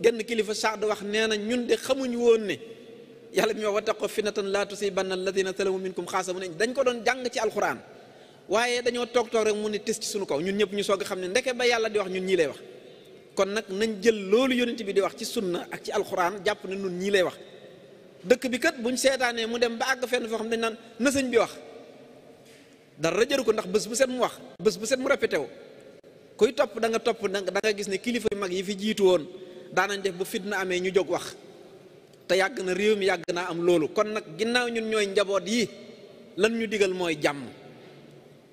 genn kilifa saad wax nee na ñun de xamuñu woon ne yàlla mi wax wattaqu fitnatan laa tusibanna alladina salamu minkum xaasa mu ne dañ ko doon jàng ci alxuraan waaye dañoo toog toog rek mu ne tis ci suñu kaw ñun ñëpp ñu soog xam ne ndeke ba yàlla di wax ñun ñii lay wax kon nag nañ jël loolu yonent bi di wax ci sunna ak ci alxuraan jàpp ne ñun ñii lay wax dëkk bi kat ñu seetaanee mu dem ba àgg fenn foo xam dañ naan na sëñ bi wax dara jëru ko ndax bés bu set mu wax bés bu set mu répété wu kuy topp da nga topp da nga gis ne kilifa yu mag yi fi jiitu woon daanañ def bu fitna amee ñu jóg wax te yàgg na réew mi yàgg naa am loolu kon nag ginnaaw ñun ñooy njaboot yi lan ñu digal mooy jàmm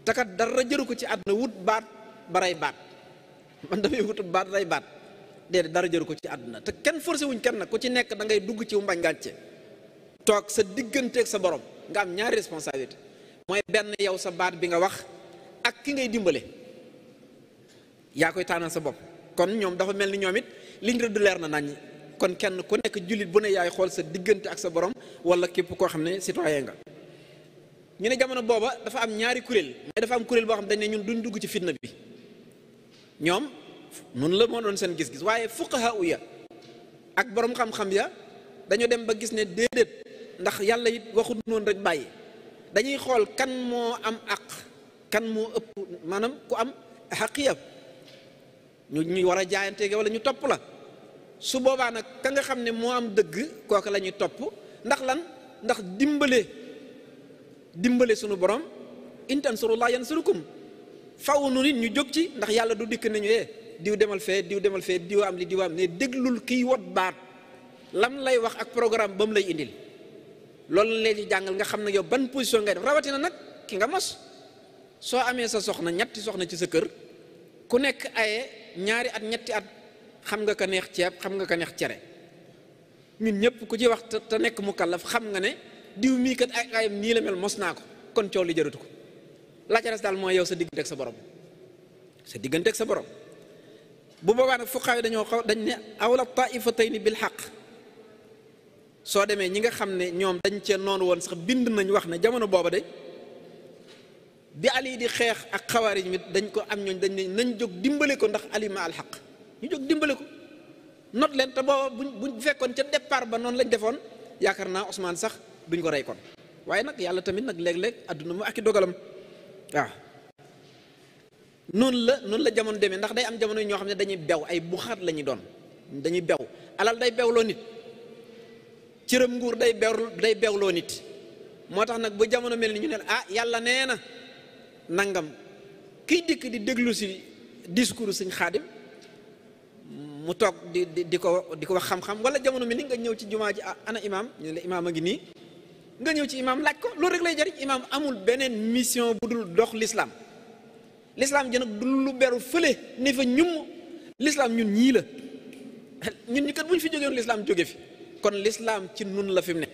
te kat dara ko ci àdduna wut baat baray baat man damay wutut baat ray baat déedéet dara jëru ko ci àdduna te kenn forcé wuñ kenn nag ku ci nekk da ngay dugg ci mbañ gàcce toog sa digganteeg sa borom nga am ñaari responsabilité mooy benn yow sa baat bi nga wax ak ki ngay dimbale yaa koy tànnal sa bopp kon ñoom dafa mel ni ñoom it liñ rëdd leer na nañ kon kenn ku nekk jullit bu ne yaay xool sa diggante ak sa borom wala képp koo xam ne citoyen nga. ñu ne jamono booba dafa am ñaari kuréel mais dafa am kuréel boo xam dañ ñun duñ ci fitna bi ñoom noonu la moo seen gis-gis waaye fuqaha ya ak borom xam ya dañoo dem ba gis ne déedéet ndax yàlla yit waxut noonu rek bàyyi dañuy xool kan moo am àq kan moo ëpp maanaam ku am xaqiya ñu ñu war a jaayantee jaayanteeg wala ñu topp la su boobaa nag ka nga xam ne moo am dëgg kooku la ñuy topp ndax lan ndax dimbale dimbale sunu borom yan tansurullah yansurukum faw nu nit ñu jóg ci ndax yàlla du dikk nañu ee eh, diw demal fee diw demal fee diw am li diw am ne déglul kiy wot baat lam lay wax ak programme ba mu lay indil loolu la leen di jàngal nga xam ne yow ban position ngay def rawatina nag ki nga mos soo amee sa soxna ñetti soxna ci sa kër ñaari at ñetti at xam nga ko neex ceeb xam nga ko neex cere ñun ñëpp ku ci wax te nekk mu kallaf xam nga ne diw mii kat ay ayam ñii la mel mos naa ko kon coow li jaratu ko la ca des daal mooy yow sa diggante ak sa borom sa diggante ak sa borom bu boobaa nag fuqaa yi dañoo xaw dañ ne awla ni bil xaq soo demee ñi nga xam ne ñoom dañ cee noonu woon sax bind nañ wax ne jamono booba de bi àll yi di xeex ak xawaar xawaarij mi dañ ko am ñooñ dañ ne nañ jóg dimbale ko ndax ali alxaq ñu jóg dimbale ko not leen te booba buñ buñ fekkoon ca départ ba noonu lañ defoon yaakaar naa Ousmane sax duñ ko rey kon waaye nag yàlla tamit nag léeg-léeg àdduna mu ak i dogalam waaw noonu la noonu la jamono demee ndax day am jamono yi ñoo xam ne dañuy bew ay buxaat lañuy doon dañuy bew alal day bewloo nit cëram nguur day bew day bewloo nit moo tax nag ba jamono mel ni ñu ah yàlla nee na nangam kiy dikk di déglu si discours sëñ xaadim mu toog di di di ko di ko wax xam-xam wala jamono mi ni nga ñëw ci jumaa ji ah, ana imaam ñu la imaam a ngi nii nga ñëw ci imaam laaj ko loolu rek lay jariñ imaam amul beneen mission bu dul dox lislaam l'islam jën nag du lu beru fële ne fa ñum l'islam ñun ñii la ñun ñu kat bu ñu fi jógee woon jóge fi kon lislaam ci nun la fi mu ne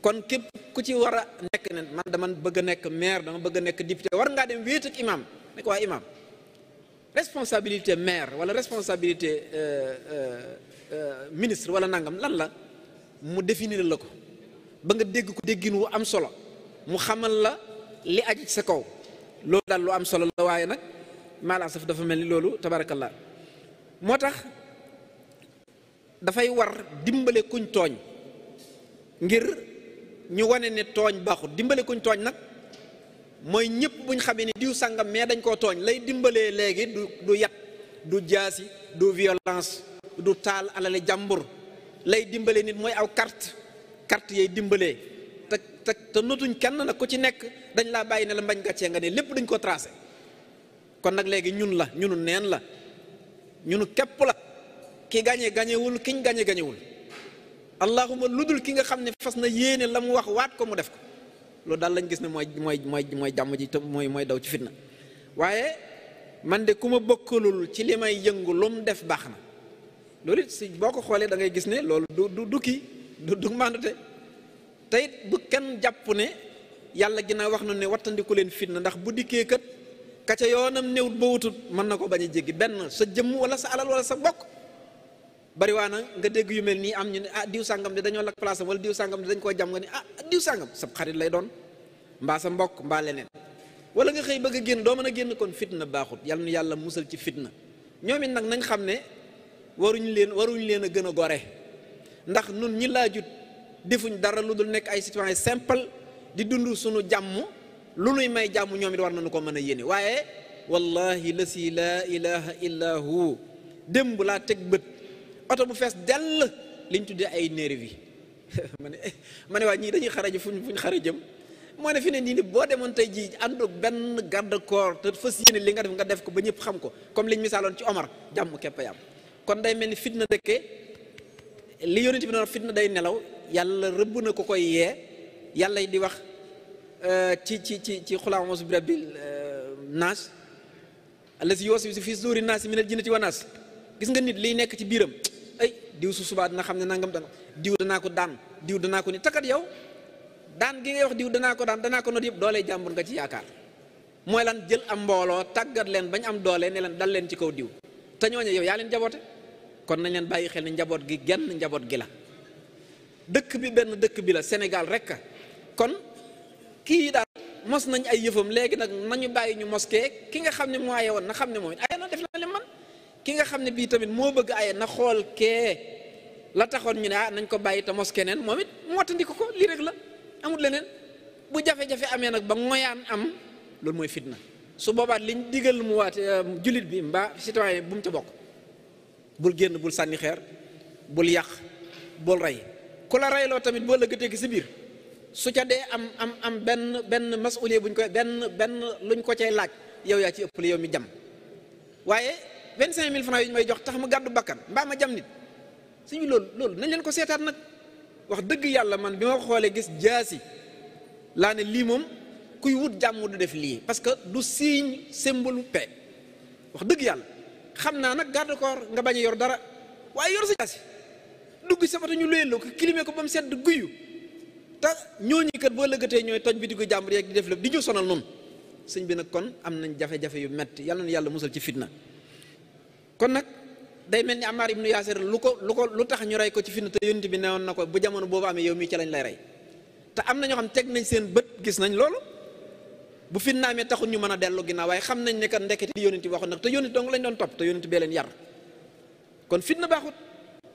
kon képp ku ci war a nekk ne man dama bëgg a nekk maire dama bëgg a nekk député war ngaa dem wéet ak imam ne ko waa imam responsabilité maire wala responsabilité euh, euh, euh, ministre wala nangam lan la mu définir la ko ba nga dégg ko déggin wu am solo mu xamal la li aji sa kaw loolu daal lu am solo la waaye nag maala dafa mel ni loolu tabarakallah moo tax dafay war dimbale kuñ tooñ ngir ñu wane ne tooñ baaxut dimbale kuñ tooñ nag mooy ñëpp buñ xamee ni diw sàngam mais dañ koo tooñ lay dimbalee léegi du du yat du jaasi du violence du taal alale jàmbur lay dimbale nit mooy aw carte carte yay dimbalee te te te kenn nag ku ci nekk dañ laa bàyyi ne la mbañ gàccee nga ne lépp dañ ko tracé kon nag léegi ñun la ñunu neen la ñunu képp la ki gañe gañewul kiñ gañe gañewul allahuma lu dul ki nga xam ne fas na yéene la mu wax waat ko mu def ko loolu daal lañ gis ne mooy mooy mooy mooy jàmm ji mooy mooy daw ci fitna waaye man de ku ma bokkalul ci li may yëngu lu def baax na loolu it si boo ko xoolee da ngay gis ne loolu du du du kii du du mandate te bu kenn jàpp ne yàlla gi naa wax na ne wattandiku leen fitna ndax bu dikkee kat ka ca yoonam néewut ba wutut mën na ko bañ a jéggi benn sa jëmm wala sa alal wala sa bokk bari waa nga dégg yu mel nii am ñu ne ah diw sàngam di dañoo lakk place am wala diw sàngam de dañ koo jam nga ni ah diw sàngam sab xarit lay doon mbaa sa mbokk mbaa leneen wala nga xëy bëgg a génn doo mën a génn kon fitna baaxut yal na yàlla musal ci fitna ñoom it nag nañ xam ne waruñ leen waruñ leen a gën a gore ndax nun ñi laajut defuñ dara lu dul nekk ay citoyen simple di dund suñu jàmm lu nuy may jàmm ñoom it war nañu ko mën a yéene waaye wallahi la si laa ilaha illa hu démb laa bët oto bu fees dell liñ tuddee ay nervi ma ne ma ne waa ñii dañuy xaraji fuñ fuñ xara jëm moo ne fi ne nii ni boo demoon tey jii ànd benn garde corps te fas yéene li nga def nga def ko ba ñëpp xam ko comme liñ misaaloon ci Omar jàmm képp yam kon day mel ni fitna dëkke li yonent bi noonu fitna day nelaw yàlla rëbb na ko koy yee yàlla di wax euh, ci ci ci ci xulaamoosu bi rabbil euh, naas allasi yoosi si fii suuri naas minal jinnati wa gis nga nit liy nekk ci biiram diw su subaa dana xam ne nangam dana diw danaa ko daan diw danaa ko ni takkat yow daan gi ngay wax diw danaa ko daan danaa ko not yëpp doole jàmbur nga ci yaakaar mooy lan jël am mbooloo tàggat leen ñu am doole ne leen dal leen ci kaw diw te ñooñu yow yaa leen jaboote kon nañ leen bàyyi xel ne njaboot gi genn njaboot gi la dëkk bi benn dëkk bi la Sénégal rek kon kii daal mos nañ ay yëfam léegi nag nañu bàyyi ñu moskee ki nga xam ne mu aaye woon na xam ne moom it ay def na ki nga xam ne bii tamit moo bëgg aye na xool kee la taxoon ñu ne ah nañ ko bàyyi te keneen moom it mottandi ko ko lii rek la amul leneen bu jafe-jafe amee nag ba ngoyaan am loolu mooy fitna su boobaat liñ digal mu waat euh, bi mbaa citoyen bu ca bokk bul génn bul sànni xeer bul yàq bul rey ku la reyloo tamit boo lëggatee si biir su ca dee am am am benn benn masuliye buñ koy benn benn luñ ko cay laaj yow yaa ci ëppale yow mi jam waaye vingt cinq mille francs ñu may jox tax ma gàddu bakkan mbaa ma suñu loolu loolu nañ leen ko seetaat nag wax dëgg yàlla man bi ma xoolee gis jaasi laa ne lii moom kuy wut jàmm du def lii parce que du signe symbole wax dëgg yàlla xam naa nag garde corps nga bañ a yor dara waaye yor sa jaasi dugg sa oto ñu luyeloo ko climer ko ba mu sedd guyu te ñooñu kat boo lëggatee ñooy tooñ bi di ko jàmbur yeeg di def lépp di ñu sonal noonu sëñ bi nag kon am nañ jafe-jafe yu metti yàlla na yàlla musal ci fitna kon nag day mel ni Ammaar ibnu Yaasir lu ko lu ko lu tax ñu rey ko ci fi nu te yonent bi newoon na ko bu jamono boobu amee yow mii ci lañ lay rey te am na ñoo xam teg nañ seen bët gis nañ loolu bu fitna amee taxul ñu mën a dellu ginnaaw waaye xam nañ ne kat ndekete di yonent bi waxoon nag te yonent dong lañ doon topp te yonent bee leen yar kon fitna baaxut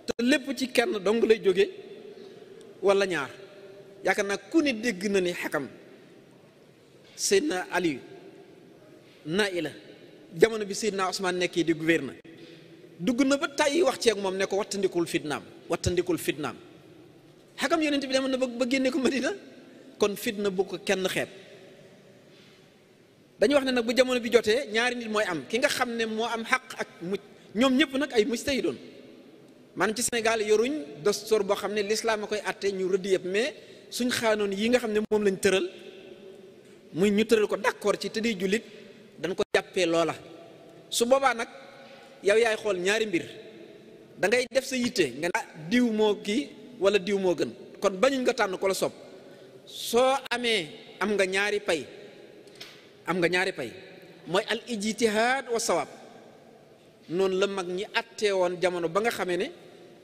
te lépp ci kenn dong lay jógee walla ñaar yaakaar nag ku ne dégg na ni xakam Seydina Aliou naa i la jamono bi Seydina Ousmane nekkee di gouverneur dugg na ba tàyyi wax ceeg moom ne ko wattandikul fitnaam wattandikul fitnaam xakam yonent bi dama na ba génne ko Madina kon fitna bu ko kenn xeeb dañuy wax ne nag bu jamono bi jotee ñaari nit mooy am ki nga xam ne moo am xaq ak muj ñoom ñëpp nag ay mujtahidoon maanaam ci Sénégal yoruñ dostoor boo xam ne lislaam a koy àtte ñu rëdd yëpp mais suñ xaanoon yi nga xam ne moom lañ tëral muy ñu tëral ko d'accord ci te tëddi jullit dañ ko jàppee loola yow yaay xool ñaari mbir dangay def sa yitte nga ne ah, diw moo kii wala diw moo gën kon bañuñ nga tànn ko la sob soo amee am nga ñaari pay am nga ñaari pay mooy al ijtihaad wa sawaab noonu la mag ñi attee woon jamono ba nga xamee ne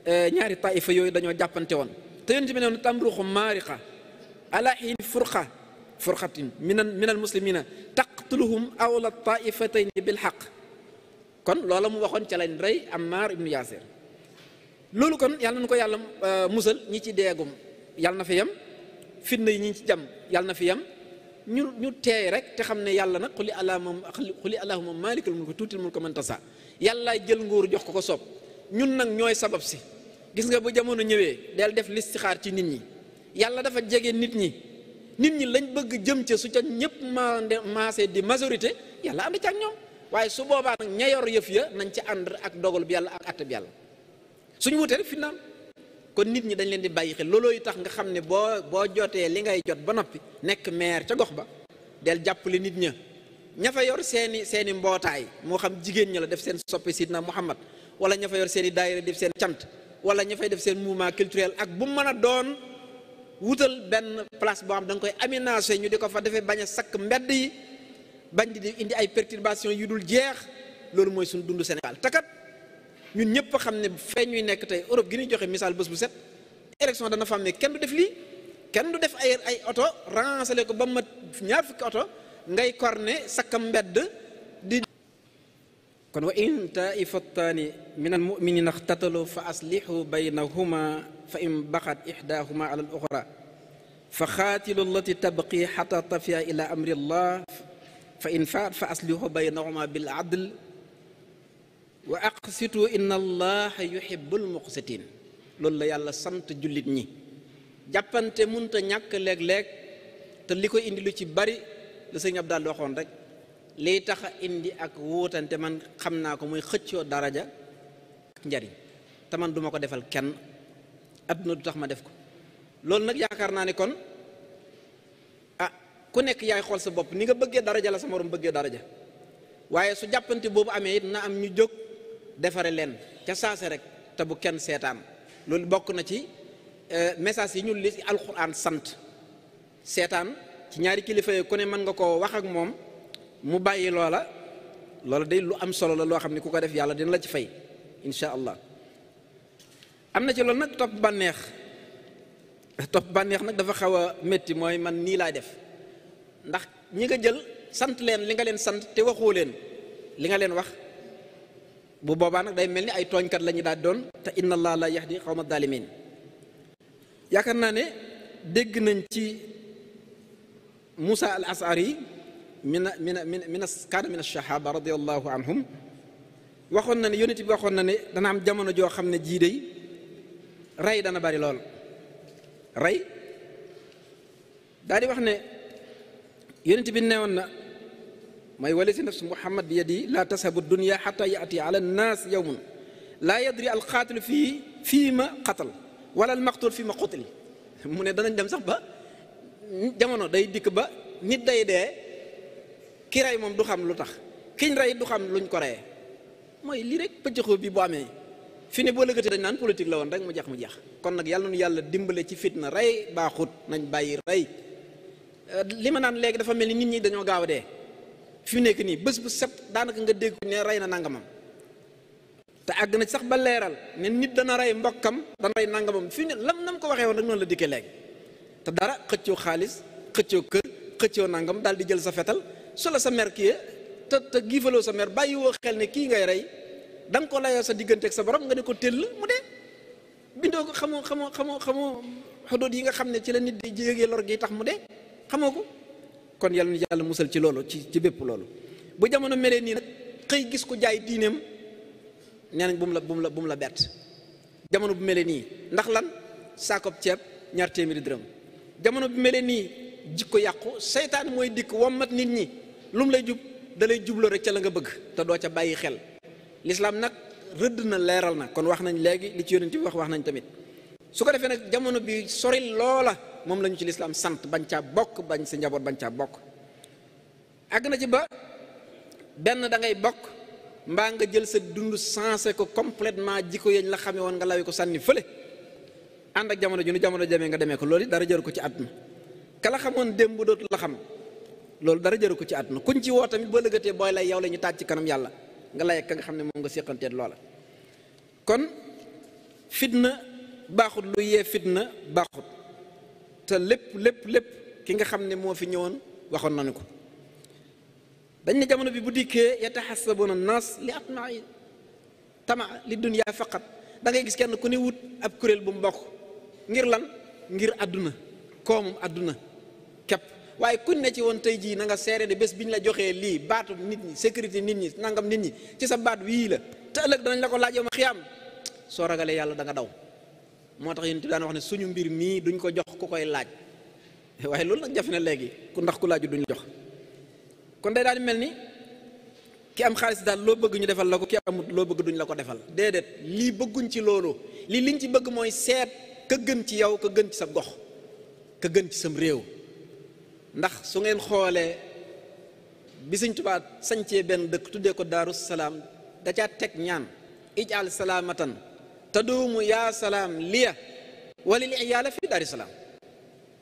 eh, ñaari taifa yooyu dañoo jàppante woon te yonent bi ne woon tamruxu maariqa ala xiin furqa furqatin min minal awla taifatayn bilxaq kon loola mu waxoon ca rey Ammar ibnu Yaasir loolu kon yàlla na ko yàlla euh, musal ñi ci deegum yàlla na fi yem fitna yi ñi ci jam yàlla na fi yem ñu ñu teey rek te xam ne yàlla nag xuli allahuma xuli allahuma maalikal mulki tuutil mulka man tasa yàlla jël nguur jox ko ko soob ñun nag ñooy sabab si gis nga bu jamono ñëwee del def listixaar ci nit ñi yàlla dafa jege nit ñi nit ñi lañ bëgg jëm ca su ca ñëpp maasee di majorité yàlla ànd ca ñoom waaye su boobaa nag ña yor yëf ya nañ ci ànd ak dogal bi yàlla ak àtte bi yàlla suñu wutee rek finnaam kon nit ñi dañu leen di bàyyi xel loolooyu tax nga xam ne boo boo jotee li ngay jot ba noppi nekk maire ca gox ba del jàppale nit ña ña fa yor seeni seeni mbootaay moo xam jigéen ña la def seen soppi sidna Muhammad wala ña fa yor seeni daayira def seen cant wala ña fay def seen mouvement culturel ak bu mën a doon wutal benn place boo xam da nga koy aménager ñu di ko fa defee bañ a sakk mbedd yi bañ di indi ay perturbation yu dul jeex loolu mooy suñu dund Sénégal takat ñun ñëpp xam ne fee ñuy nekk tey Europe gi ñuy joxe misaal bés bu set élection dana fa am ne kenn du def lii kenn du def ay ay oto ransale ko ba mat ñaar fukki oto ngay korne sakka mbedd di kon wa in taifataani min almuminina axtatalu fa aslixu baynahuma fa in baxat ixdaahuma ala al oxra fa xaatilu allati tabqi xata ila amri allah fa in faat fa aslihu baynahuma bil adl wa aqsitu inna allaha yuhibbul muqsitin loolu la yàlla sant jullit ñi jàppante munta ñàkk léeg-léeg te li ko indi lu ci bari la sëñ Abdal waxoon rek liy taxa indi ak wóotante man xam naa ko muy xëccoo daraja njariñ te man duma ko defal kenn adduna du tax ma def ko loolu nag yaakaar naa ne kon ku nekk yaay xool sa bopp ni nga bëggee daraja la sa morom bëggee daraja waaye su jàppante boobu amee it na am ñu jóg defare leen ca saase rek te bu kenn seetaan loolu bokk na ci euh, message yi ñu li alxuraan sant seetaan ci ñaari kilifa yi ku ne mën nga koo wax ak moom mu bàyyi loola loola day lu am solo la loo xam ne ku ko def yàlla dina la ci fay incha allah am na ci loolu nag topp bànneex topp bànneex nag dafa xaw a métti mooy man nii laay def ndax ñi nga jël sant leen li nga leen sant te waxoo leen li nga leen wax bu boobaa nag day mel ni ay tooñkat la ñu daal doon te inna allah la yahdi xawma daalimin yaakaar naa ne dégg nañ ci Moussa al Ashari min min min min kaana min ashahaba radiallahu anhum waxoon na ne yonent bi waxoon na ne dana am jamono joo xam ne jii day rey dana bari lool rey daal di wax ne yonent bi ne woon na mooy wala si nafsu muhammad bi yadi laa tashabu dunia xata yaati ala nnaas yowmun laa yadri alqaatilu fii fii ma qatal wala almaqtul fii ma qutili mu ne danañ dem sax ba jamono day dikk ba nit day dee ki rey moom du xam lu tax kiñ rey du xam luñ ko reyee mooy lii rek pëccëxoo bi boo amee fi ne boo lëkkati dañ naan politique la woon rek mu jeex mu jeex kon nag yàlla nu yàlla dimbale ci fitna rey baaxut nañ bàyyi rey li ma naan léegi dafa mel ni nit ñi dañoo gaaw a dee fi nekk nii bés bu set daanaka nga dégg ne rey na nangamam te àgg na sax ba leeral ne nit dana rey mbokkam dana rey nangamam fi ne lam ko waxee woon rek noonu la dikkee léegi te dara xëccoo xaalis xëccoo kër xëccoo nangam daal di jël sa fetal su la sa mer kii te te giifaloo sa mer bàyyi woo xel ne kii ngay rey danga nga ko layoo sa digganteeg sa borom nga ne ko tëll mu de bindoo ko xamoo xamoo xamoo xamu xudóot yi nga xam ne ci la nit di yëgee loro gi tax mu de xamoo ko kon yàlla na yàlla musal ci loolu ci ci bépp loolu bu jamono melee nii nag xëy gis ko jaay diineem nee nañ bu mu la bu la bu la bett jamono bu melee nii ndax lan saakob ceeb ñaar dërëm jamono bu melee nii jikko yàqu seytaan mooy dikk wommat nit ñi lu mu lay jub da jubloo rek ca la nga bëgg te doo ca bàyyi xel lislaam nag rëdd na leeral na kon wax nañ léegi li ci yonent wax wax nañ tamit su ko defee nag jamono bi soril loola moom lañu ci lislaam sant bañ caa bokk bañ si njaboot bañ caa bokk àgg na ci ba benn da ngay bokk mbaa nga jël sa dund sensé ko complètement jikko yañ la xamee woon nga lawi ko sànni fële ànd ak jamono ju nu jamono demee nga demee ko loolu dara jëru ko ci àdduna kala xamoon démb dootu la xam loolu dara jëru ko ci àdduna kuñ ci woo tamit boo lëgëtee booy lay yow la ñu taaj ci kanam yàlla nga lay ka nga xam ne moom nga séqanteet loola kon fitna baaxut lu yee fitna baaxut lépp lépp lépp ki nga xam ne moo fi ñëwoon waxoon nañu ko dañ ne jamono bi bu dikkee taxas yataxasabuna nas li atmai tama li dunya faqat da ngay gis kenn ku ne wut ab kuréel bu mbokk ngir lan ngir àdduna koomum àdduna kepp waaye kuñ ne ci woon tey jii na nga seere ne bés bi ñu la joxee lii baatu nit ñi sécurité nit ñi nangam nit ñi ci sa baat wii la te ëllëg la ko laaj yow ma xiyaam soo ragalee yàlla da nga daw moo tax yonent ti daan wax ne suñu mbir mii duñ ko jox ku koy laaj waaye loolu nag jafe na léegi ku ndax ku laaju duñ jox kon day daal di mel ni ki am xaalis daal loo bëgg ñu defal la ko ki amut loo bëgg duñ la ko defal déedéet lii bëgguñ ci loolu lii liñ ci bëgg mooy seet ka gën ci yow ka gën ci sa gox ka gën ci sam réew ndax su ngeen xoolee bi Sëñ Tuubaa sañcee benn dëkk tuddee ko Daaru Salaam da caa teg ñaan ij al salaamatan taduumu yaa salaam liya walil yàlla fi daari salaam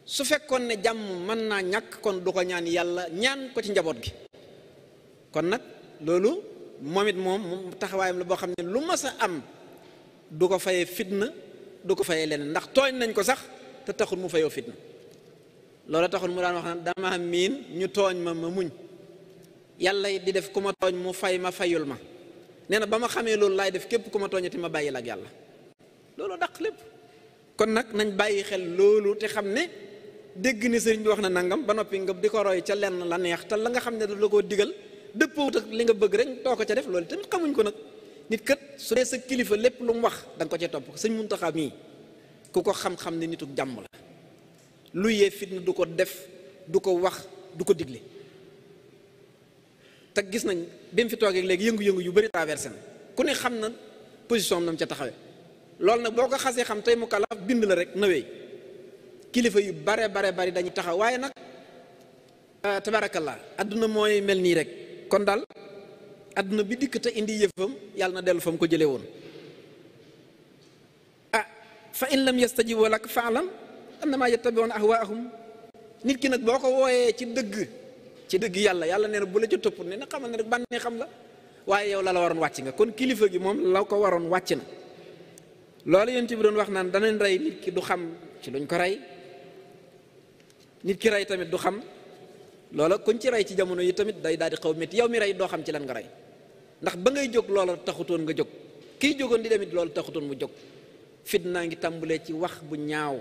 su fekkoon ne jàmm mën naa ñàkk kon du ko ñaan yàlla ñaan ko ci njaboot gi kon nag loolu moom it moom taxawaayam la boo xam ne lu mas a am du ko fayee fitna du ko fayee leneen ndax tooñ nañ ko sax te taxul mu fayoo fitna loolu taxul mu daan wax naan dama miin ñu tooñ ma ma muñ yàlla di def ku ma tooñ mu fay ma fayul ma nee na ba ma xamee loolu laay def képp ku ma tooñati ma bàyyi la ak yàlla loolu daq lépp kon nag nañ bàyyi xel loolu te xam ne dégg ni sëriñ bi wax na nangam ba noppi nga di ko roy ca lenn la neex te la nga xam ne daf la koo digal dëppoowut ak li nga bëgg rek too ko ca def loolu tamit xamuñ ko nag nit kat su dee sa kilifa lépp lu mu wax da ko ca topp mun Muntaxa mii ku ko xam-xam ne nituk jàmm la lu yee fitna du ko def du ko wax du ko digle te gis nañ bi mu fi toogee léegi yëngu-yëngu yu bari traversé na ku ne xam na position am na mu ca taxawee loolu nag boo ko xasee xam tey mu kalaaf bind la rek nawee kilifa yu bare bare bari dañuy taxaw waaye nag euh, tabarakallah àdduna mooy mel nii rek kon daal àdduna bi dikk te indi yëfam yàlla na dellu fa mu ko jëlee woon ah fa in lam yastajibu lak fa'lam annama yattabi'una ahwaahum nit ki nag boo ko wooyee ci dëgg ci dëgg yàlla yàlla nee na bu la ca topp ne na xamal ne rek bànnee xam la waaye yow la la waroon wàcc nga kon kilifa gi moom la ko waroon wàcc na loolu yonent bi doon wax naan danañ rey nit ki du xam ci luñ ko rey nit ki rey tamit du xam loola kon ci rey ci jamono yi tamit day daal di xaw métti yow mi rey doo xam ci lan nga rey ndax ba ngay jóg loola taxutoon nga jóg kii jógoon di demit loolu taxutoon mu jóg naa ngi tàmbulee ci wax bu ñaaw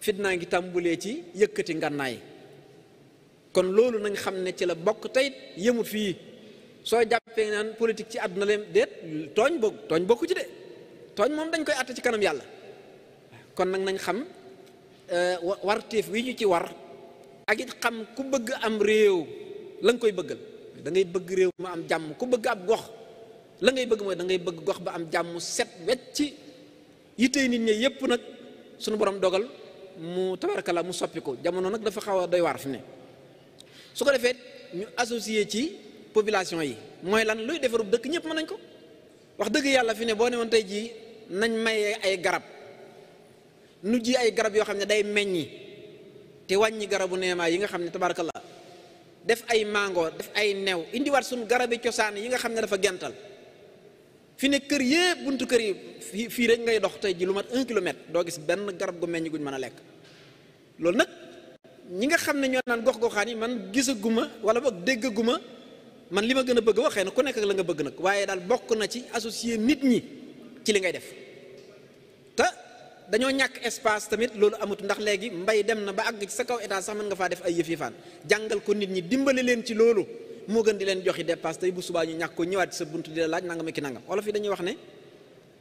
fitnaa ngi tàmbulee ci yëkkati ngànnaay kon loolu nañ xam ne ci la bokk tey yëmut fii soo jàppee naan politique ci àdduna leen déet tooñ bokk tooñ bokku ci de tooñ moom dañ koy àtte ci kanam yàlla kon nag nañ xam euh, war warteef wi ñu ci war ak it xam ku bëgg am réew la koy bëggal dangay bëgg réew ma am jàmm ku bëgg ab gox la ngay bëgg mooy da ngay bëgg gox ba am jàmm set wet ci yittey nit ñi yépp nag sunu borom dogal mu tabarakalla mu soppi ko jamono nag dafa xaw a doy waar fi ne su ko defee ñu associé ci population yi mooy lan luy defarub dëkk ñëpp mën nañ ko wax dëgg yàlla fi ne boo ne woon tey jii nañ mayee ay garab nu ji ay garab yoo xam ne day meññi te wàññi garabu neemaay yi nga xam ne la def ay mango def ay new indiwaat suñ garabi cosaan yi nga xam ne dafa gental fi ne kër yëpp buntu kër yi fii fii rek ngay dox tey ji lu mat un kilomètre doo gis benn garab gu meññ guñ mën a lekk loolu nag ñi nga xam ne ñoo naan gox-goxaan yi man gisaguma wala boog déggaguma man li ma gën a bëgg waxee na ku nekk ak la nga bëgg nag waaye daal bokk na ci associé nit ñi ci li ngay def te dañoo ñàkk espace tamit loolu amut ndax léegi mbay dem na ba àgg ci sa kaw état sax mën nga faa def ay yëf yëfaan jàngal ko nit ñi dimbale leen ci loolu moo gën di leen joxi dépasse tey bu subaa ñu ñàkk ko ñëwaat ci sa bunt di la laaj nangam ki nangam wala fi dañuy wax ne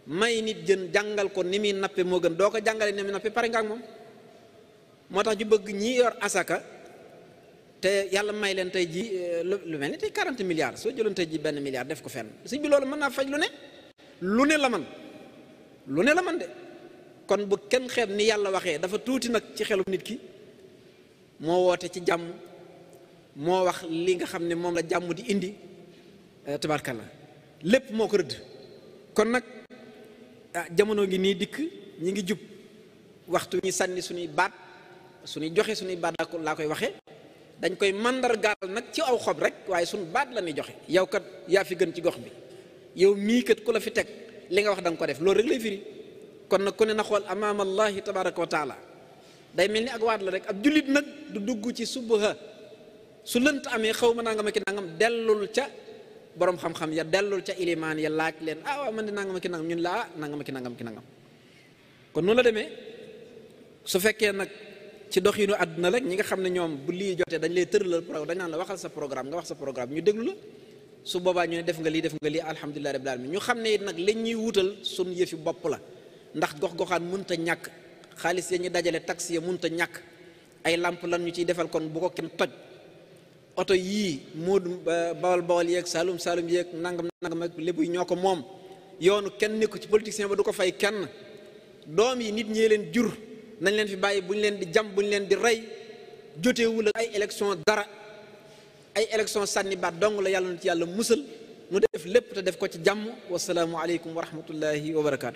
may nit jën jàngal ko ni muy nappe moo gën doo ko jàngale ni muy nappe ak moom moo tax ñu bëgg ñi yor asaka te yàlla may leen tey ji euh, lu mel ni tey 40 milliards soo jëloon tey ji benn milliard def ko fenn sëñ bi loolu mën naa faj lu ne lu ne la man lu ne la man de kon bu kenn xeeb ni yàlla waxee dafa tuuti nag ci xelu nit ki moo woote ci jàmm moo wax li nga xam ne moom la jàmm di indi euh, la lépp moo ko rëdd kon nag ah, jamono ngi nii dikk ñi ngi jub waxtu ñi sànni suñuy baat suñuy joxe suñuy baat laa koy waxee dañ koy màndargaal nag ci aw xob rek waaye suñu baat la ñuy joxe yow kat yaa fi gën ci gox bi yow mii kat ku la fi teg li nga wax danga ko def loolu rek lay firi kon nag ku ne na xool amaam allahi tabaraka wa taala day mel ni ak waat la rek ab jullit nag du dugg ci subha su lënt amee xaw ma nangama ki nangam dellul ca borom xam-xam ya dellul ca ilimaan ya laaj leen ah waaw man de nangama ki nangam ñun la nangama ah, ki nangam ki nangam kon noonu nag ci dox doxinu àdduna rek ñi nga xam ne ñoom bu lii jotee dañ lay tëralal programme dañ naan la waxal sa programme nga wax sa programme ñu déglu la su boobaa ñoo def nga lii def nga lii alhamdulilah rabbil alamin ñu xam ne it nag lañ ñuy wutal sun yëfi bopp la ndax gox-goxaan mënta ñàkk xaalis ya ñu dajale taxi ya mënta ñàkk ay làmp lan ñu ciy defal kon bu ko kenn toj oto yii muud bawal bawal yeeg saalum saalum yeeg nangam nangam ak lépp yi ñoo ko moom yoonu kenn nekku ci politicien ba du ko fay kenn doom yi nit ñee leen jur nañ leen fi bàyyi bu ñu leen di jam bu ñu leen di rey jotewul ay élection dara ay élection sànni baat dong la yàlla na ci yàlla musal nu def lépp te def ko ci jàmm wasalaamu aleykum wa rahmatullahi wa barakaatu.